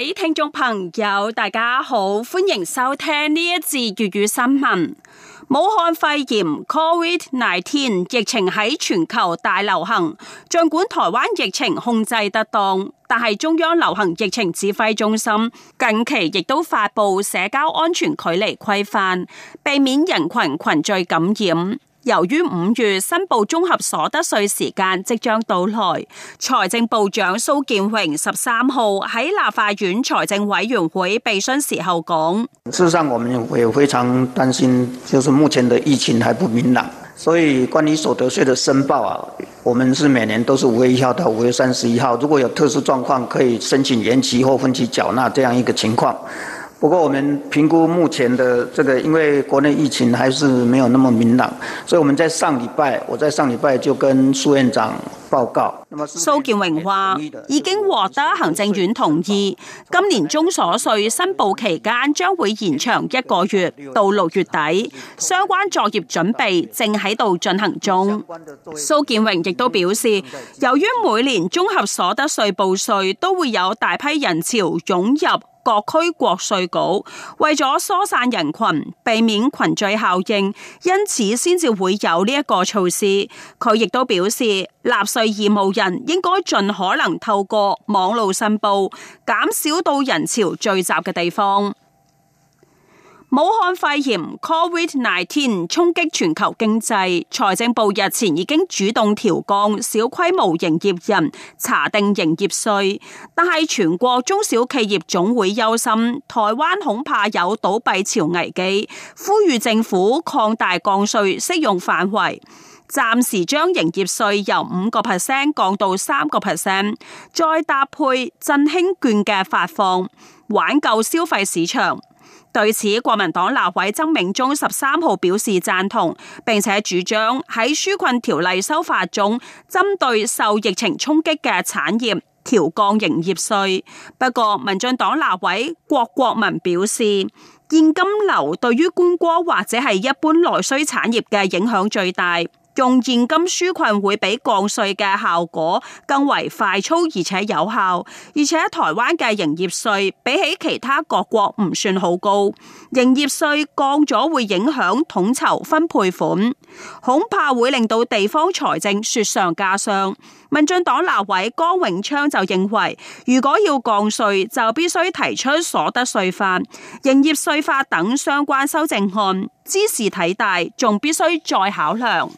各位聽眾朋友，大家好，歡迎收聽呢一節粵語新聞。武漢肺炎 （COVID-19） 疫情喺全球大流行，儘管台灣疫情控制得當，但係中央流行疫情指揮中心近期亦都發布社交安全距離規範，避免人群群聚感染。由於五月申報綜合所得稅時間即將到來，財政部長蘇建榮十三號喺立法院財政委員會備詢時候講：事實上，我們也非常擔心，就是目前的疫情還不明朗，所以關於所得稅的申報啊，我們是每年都是五月一號到五月三十一號，如果有特殊狀況，可以申請延期或分期繳納這樣一個情況。不過，我們評估目前的這個，因為國內疫情還是沒有那麼明朗，所以我們在上禮拜，我在上禮拜就跟蘇院長報告。蘇建榮話，已經獲得行政院同意，今年綜所稅申報期間將會延長一個月到六月底，相關作業準備正喺度進行中。蘇建榮亦都表示，由於每年綜合所得稅報稅都會有大批人潮湧入。各區國稅局為咗疏散人群，避免群聚效應，因此先至會有呢一個措施。佢亦都表示，納稅義務人應該盡可能透過網路申報，減少到人潮聚集嘅地方。武漢肺炎 （COVID-19） 衝擊全球經濟，財政部日前已經主動調降小規模營業人查定營業稅，但係全國中小企業總會憂心台灣恐怕有倒閉潮危機，呼籲政府擴大降稅適用範圍，暫時將營業稅由五個 percent 降到三個 percent，再搭配振興券嘅發放，挽救消費市場。對此，國民黨立委曾銘宗十三號表示贊同，並且主張喺紓困條例修法中，針對受疫情衝擊嘅產業調降營業稅。不過，民進黨立委郭國民表示，現金流對於觀光或者係一般內需產業嘅影響最大。用現金紓困會比降稅嘅效果更為快速而且有效，而且台灣嘅營業稅比起其他各國唔算好高，營業稅降咗會影響統籌分配款，恐怕會令到地方財政雪上加霜。民進黨立委江永昌就認為，如果要降稅，就必須提出所得稅法、營業稅法等相關修正案。茲事體大，仲必須再考量。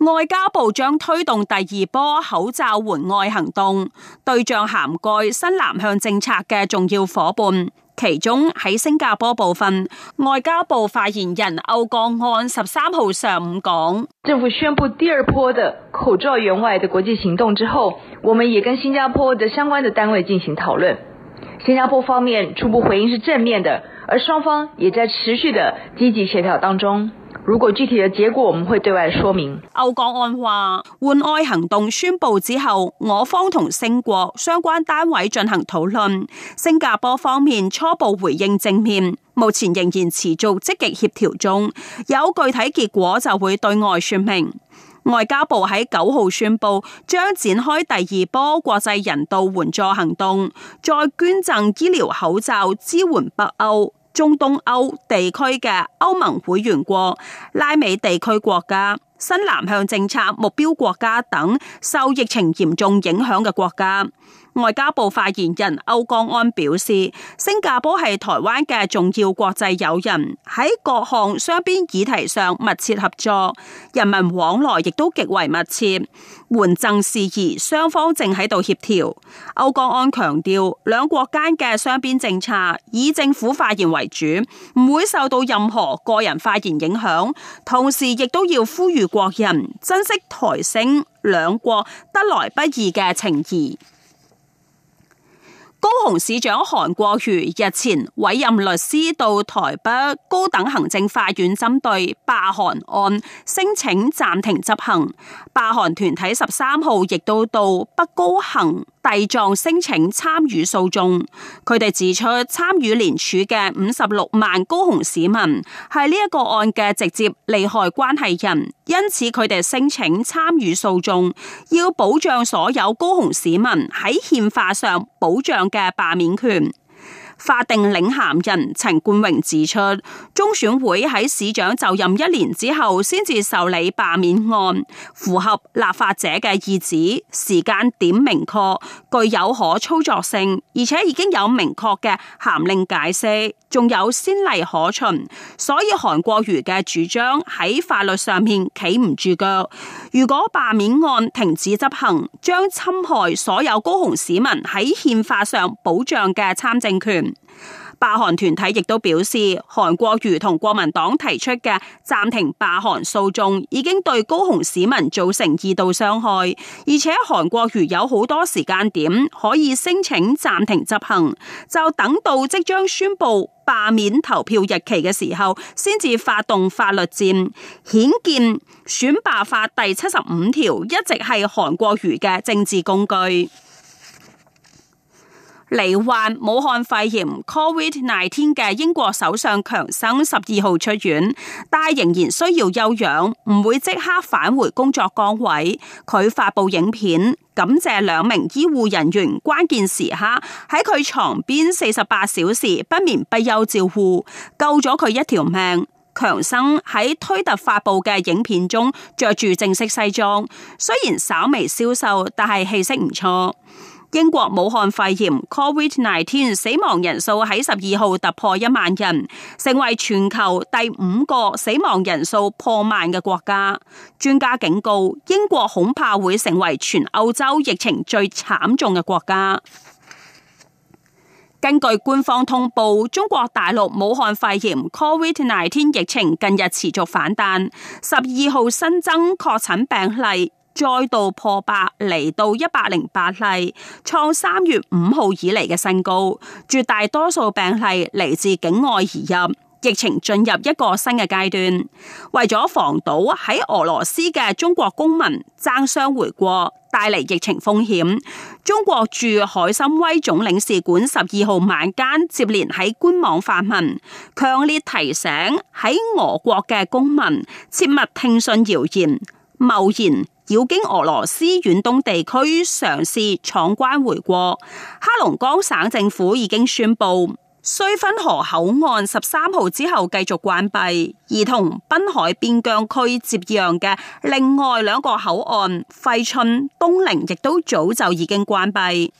外交部將推動第二波口罩援外行動，對象涵蓋新南向政策嘅重要夥伴。其中喺新加坡部分，外交部發言人歐江安十三號上午講：政府宣布第二波嘅口罩援外嘅國際行動之後，我們也跟新加坡的相關的單位進行討論。新加坡方面初步回應是正面的。而雙方也在持續的積極協調當中。如果具體的結果，我們會對外說明。歐江安話：援外行動宣布之後，我方同星國相關單位進行討論。新加坡方面初步回應正面，目前仍然持續積極協調中，有具體結果就會對外說明。外交部喺九號宣布，將展開第二波國際人道援助行動，再捐贈醫療口罩支援北歐中東歐地區嘅歐盟會員國、拉美地區國家、新南向政策目標國家等受疫情嚴重影響嘅國家。外交部發言人歐江安表示，新加坡係台灣嘅重要國際友人，喺各項雙邊議題上密切合作，人民往來亦都極為密切。援贈事宜雙方正喺度協調。歐江安強調，兩國間嘅雙邊政策以政府發言為主，唔會受到任何個人發言影響。同時，亦都要呼籲國人珍惜台星兩國得來不易嘅情誼。高雄市長韓國瑜日前委任律師到台北高等行政法院針對罷韓案申請暫停執行，罷韓團體十三號亦都到北高行。遞狀申請參與訴訟，佢哋指出參與連署嘅五十六萬高雄市民係呢一個案嘅直接利害關係人，因此佢哋申請參與訴訟，要保障所有高雄市民喺憲法上保障嘅罷免權。法定領銜人陳冠榮指出，中選會喺市長就任一年之後先至受理罷免案，符合立法者嘅意旨，時間點明確，具有可操作性，而且已經有明確嘅函令解釋，仲有先例可循，所以韓國瑜嘅主張喺法律上面企唔住腳。如果罷免案停止執行，將侵害所有高雄市民喺憲法上保障嘅參政權。罷韓團體亦都表示，韓國瑜同國民黨提出嘅暫停罷韓訴訟，已經對高雄市民造成二度傷害，而且韓國瑜有好多時間點可以申請暫停執行，就等到即將宣布罷免投票日期嘅時候，先至發動法律戰，顯見選罷法第七十五條一直係韓國瑜嘅政治工具。罹患武漢肺炎 （Covid-19） 嘅英國首相強生十二號出院，但仍然需要休養，唔會即刻返回工作崗位。佢發佈影片，感謝兩名醫護人員關鍵時刻喺佢床邊四十八小時不眠不休照顧，救咗佢一條命。強生喺推特發佈嘅影片中，着住正式西裝，雖然稍微消瘦，但係氣色唔錯。英國武漢肺炎 （Covid-19） 死亡人數喺十二號突破一萬人，成為全球第五個死亡人數破萬嘅國家。專家警告，英國恐怕會成為全歐洲疫情最慘重嘅國家。根據官方通報，中國大陸武漢肺炎 （Covid-19） 疫情近日持續反彈，十二號新增確診病例。再度破百，嚟到一百零八例，創三月五號以嚟嘅新高。絕大多數病例嚟自境外移入，疫情進入一個新嘅階段。為咗防堵喺俄羅斯嘅中國公民爭相回國，帶嚟疫情風險，中國駐海參崴總領事館十二號晚間接連喺官網發文，強烈提醒喺俄國嘅公民切勿聽信謠言。貿然繞經俄羅斯遠東地區嘗試闖關回國，黑龍江省政府已經宣布綏芬河口岸十三號之後繼續關閉，而同濱海邊疆區接壤嘅另外兩個口岸琿春、東寧，亦都早就已經關閉。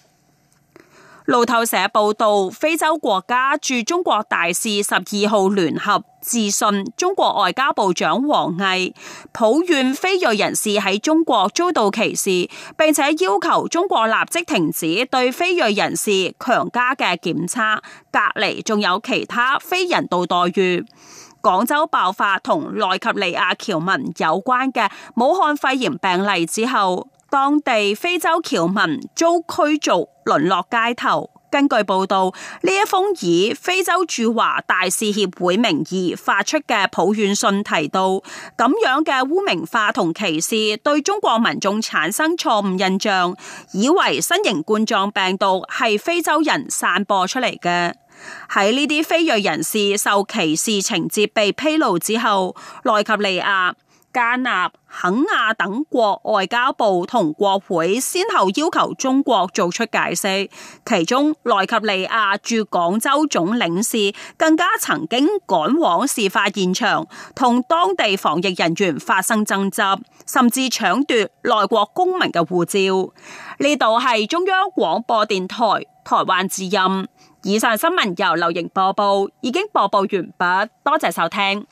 路透社報道，非洲國家駐中國大使十二號聯合致信中國外交部長王毅，抱怨非裔人士喺中國遭到歧視，並且要求中國立即停止對非裔人士強加嘅檢測隔離，仲有其他非人道待遇。廣州爆發同奈及利亞僑民有關嘅武漢肺炎病例之後，當地非洲僑民遭驅逐，淪落街頭。根據報道，呢一封以非洲駐華大使協會名義發出嘅抱怨信提到，咁樣嘅污名化同歧視，對中國民衆產生錯誤印象，以為新型冠狀病毒係非洲人散播出嚟嘅。喺呢啲非裔人士受歧視情節被披露之後，奈及利亞。加納、肯亞等國外交部同國會先後要求中國做出解釋，其中奈及利亞駐廣州總領事更加曾經趕往事發現場，同當地防疫人員發生爭執，甚至搶奪本國公民嘅護照。呢度係中央廣播電台台灣之音。以上新聞由劉瑩播報，已經播報完畢，多謝收聽。